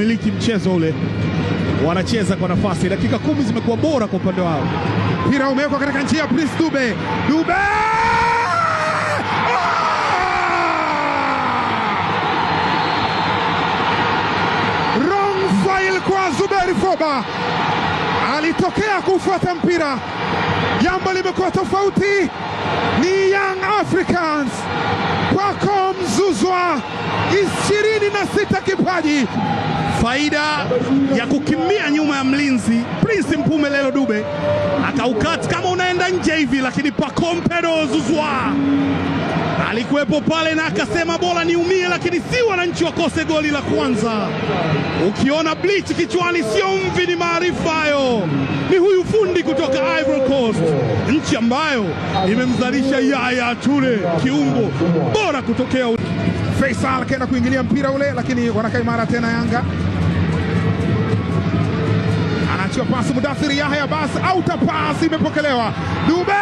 kumiliki mchezo ule, wanacheza kwa nafasi. Dakika kumi zimekuwa bora kwa upande wao. Mpira umewekwa katika njia ya Prince Dube. Dube ah! kwa Zuberi Foba alitokea kufuata mpira. Jambo limekuwa tofauti, ni Young Africans kwako Mzuzwa ishirini na sita kipaji. Faida ya kukimbia nyuma ya mlinzi Prince Mpume Lelo Dube akaukati kama unaenda nje hivi, lakini Pakompedo Zuzwa alikuwepo pale na akasema bora niumie, lakini si wananchi wakose goli la kwanza. Ukiona bleach kichwani, sio mvi, ni maarifa hayo. Ni huyu fundi kutoka Ivory Coast, nchi ambayo imemzalisha Yaya Toure, kiungo bora kutokea Faisal akaenda kuingilia mpira ule, lakini wanakaa imara tena. Yanga anaachiwa pasi, Mudathiri Yahya basi, auta pasi imepokelewa Dube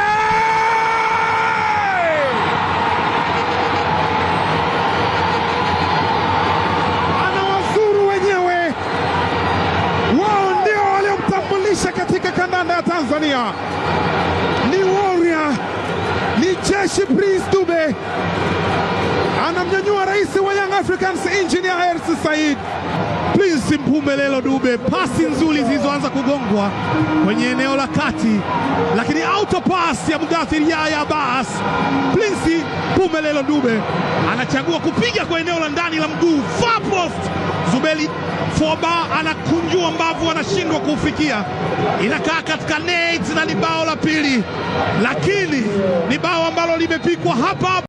anawazuru wenyewe, waliomtambulisha katika kandanda ya Tanzania, ni warrior, ni jeshi Prince Dube. Africans engineer Hersi Said. Please Simpume Lelo Dube, pasi nzuri zilizoanza kugongwa kwenye eneo la kati, lakini auto pass ya Mudathir Yahya Abbas. Please Mpume Lelo Dube anachagua kupiga kwa eneo la ndani la mguu far post. Zubeli Foba anakunjua mbavu, anashindwa kuufikia, inakaa katika net na ni bao la pili, lakini ni bao ambalo limepikwa hapa.